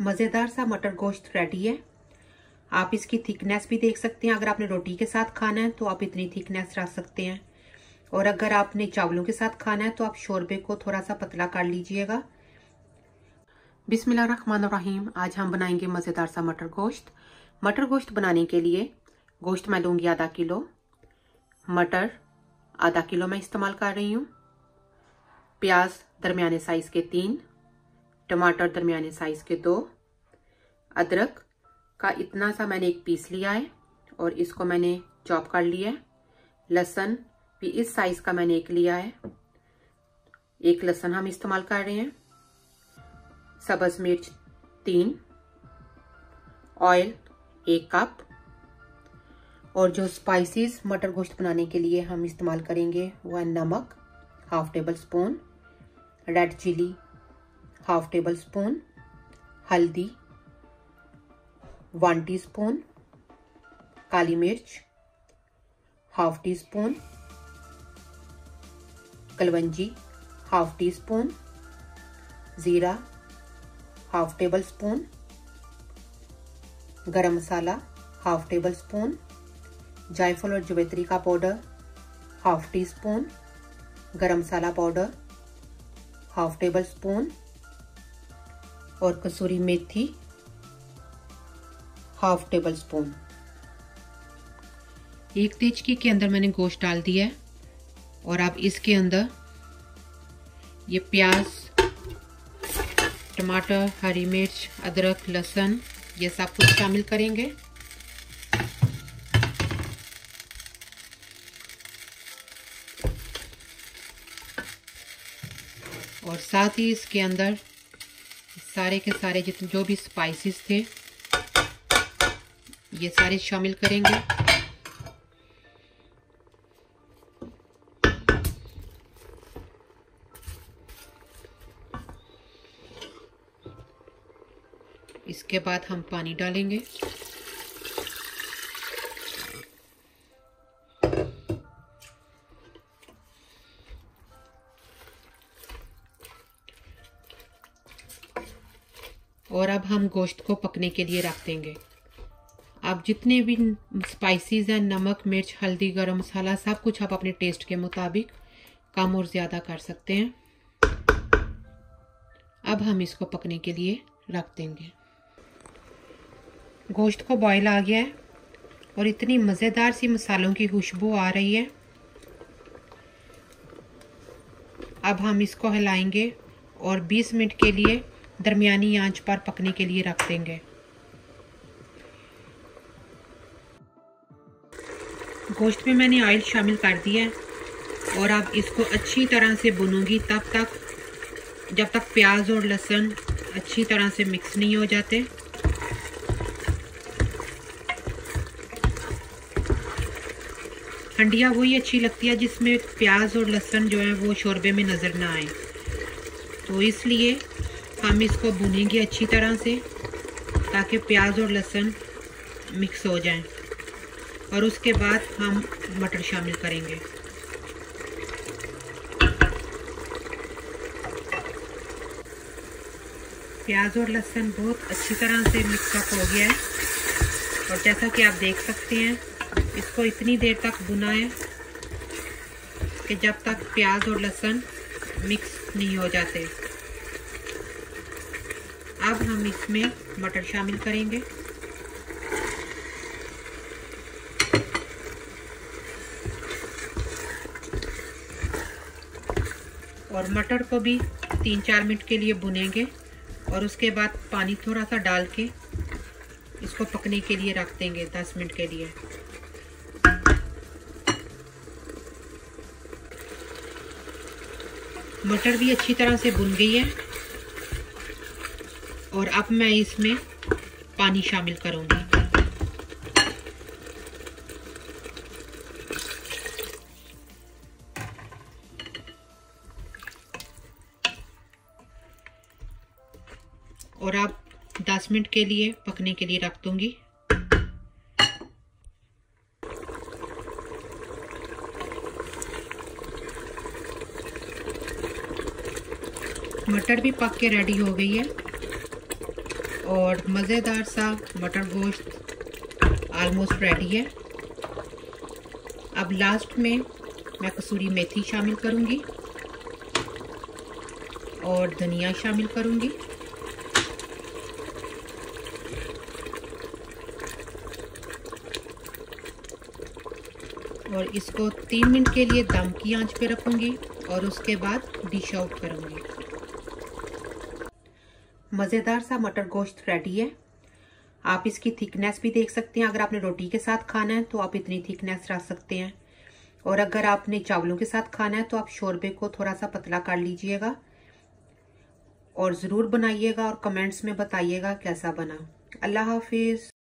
मज़ेदार सा मटर गोश्त रेडी है आप इसकी थिकनेस भी देख सकते हैं अगर आपने रोटी के साथ खाना है तो आप इतनी थिकनेस रख सकते हैं और अगर आपने चावलों के साथ खाना है तो आप शोरबे को थोड़ा सा पतला कर लीजिएगा बिसमीम आज हम बनाएंगे मज़ेदार सा मटर गोश्त मटर गोश्त बनाने के लिए गोश्त मैं लूँगी आधा किलो मटर आधा किलो मैं इस्तेमाल कर रही हूँ प्याज दरमियाने साइज़ के तीन टमाटर दरमियाने साइज के दो अदरक का इतना सा मैंने एक पीस लिया है और इसको मैंने चॉप कर लिया है लहसन भी इस साइज का मैंने एक लिया है एक लहसन हम इस्तेमाल कर रहे हैं सब्ज मिर्च तीन ऑयल एक कप और जो स्पाइसेस मटर गोश्त बनाने के लिए हम इस्तेमाल करेंगे वह नमक half tablespoon red chilli half tablespoon हल्दी वन टीस्पून काली मिर्च हाफ टी स्पून कलवंजी हाफ टी स्पून ज़ीरा हाफ टेबल स्पून गरम मसाला हाफ टेबल स्पून जायफल और जवेत्री का पाउडर हाफ टी स्पून गरम मसाला पाउडर हाफ टेबल स्पून और कसूरी मेथी हाफ टेबल स्पून एक तेजकी के अंदर मैंने गोश्त डाल दिया है और आप इसके अंदर ये प्याज टमाटर हरी मिर्च अदरक लहसुन ये सब कुछ शामिल करेंगे और साथ ही इसके अंदर सारे के सारे जितने जो भी स्पाइसेस थे ये सारे शामिल करेंगे इसके बाद हम पानी डालेंगे और अब हम गोश्त को पकने के लिए रख देंगे आप जितने भी स्पाइसेस हैं नमक मिर्च हल्दी गरम मसाला सब कुछ आप अपने टेस्ट के मुताबिक कम और ज़्यादा कर सकते हैं अब हम इसको पकने के लिए रख देंगे गोश्त को बॉईल आ गया है और इतनी मज़ेदार सी मसालों की खुशबू आ रही है अब हम इसको हिलाएंगे और 20 मिनट के लिए दरमियानी आंच पर पकने के लिए रख देंगे गोश्त में मैंने ऑयल शामिल कर दिया है और अब इसको अच्छी तरह से बुनूंगी तब तक जब तक प्याज और लहसुन अच्छी तरह से मिक्स नहीं हो जाते हंडिया वही अच्छी लगती है जिसमें प्याज और लहसुन जो है वो शोरबे में नज़र ना आए तो इसलिए हम इसको भुनेंगे अच्छी तरह से ताकि प्याज और लहसुन मिक्स हो जाएं और उसके बाद हम मटर शामिल करेंगे प्याज और लहसुन बहुत अच्छी तरह से मिक्सअप हो गया है और जैसा कि आप देख सकते हैं इसको इतनी देर तक भुना है कि जब तक प्याज और लहसुन मिक्स नहीं हो जाते अब हम इसमें मटर शामिल करेंगे और मटर को भी तीन चार मिनट के लिए भुनेंगे और उसके बाद पानी थोड़ा सा डाल के इसको पकने के लिए रख देंगे दस मिनट के लिए मटर भी अच्छी तरह से भुन गई है और अब मैं इसमें पानी शामिल करूंगी और अब 10 मिनट के लिए पकने के लिए रख दूंगी मटर भी पक के रेडी हो गई है और मज़ेदार सा मटर गोश्त आलमोस्ट रेडी है अब लास्ट में मैं कसूरी मेथी शामिल करूँगी और धनिया शामिल करूँगी और इसको तीन मिनट के लिए दम की आंच पे रखूँगी और उसके बाद डिश आउट करूँगी मज़ेदार सा मटर गोश्त रेडी है आप इसकी थिकनेस भी देख सकते हैं अगर आपने रोटी के साथ खाना है तो आप इतनी थिकनेस रख सकते हैं और अगर आपने चावलों के साथ खाना है तो आप शोरबे को थोड़ा सा पतला कर लीजिएगा और ज़रूर बनाइएगा और कमेंट्स में बताइएगा कैसा बना अल्लाह हाफिज़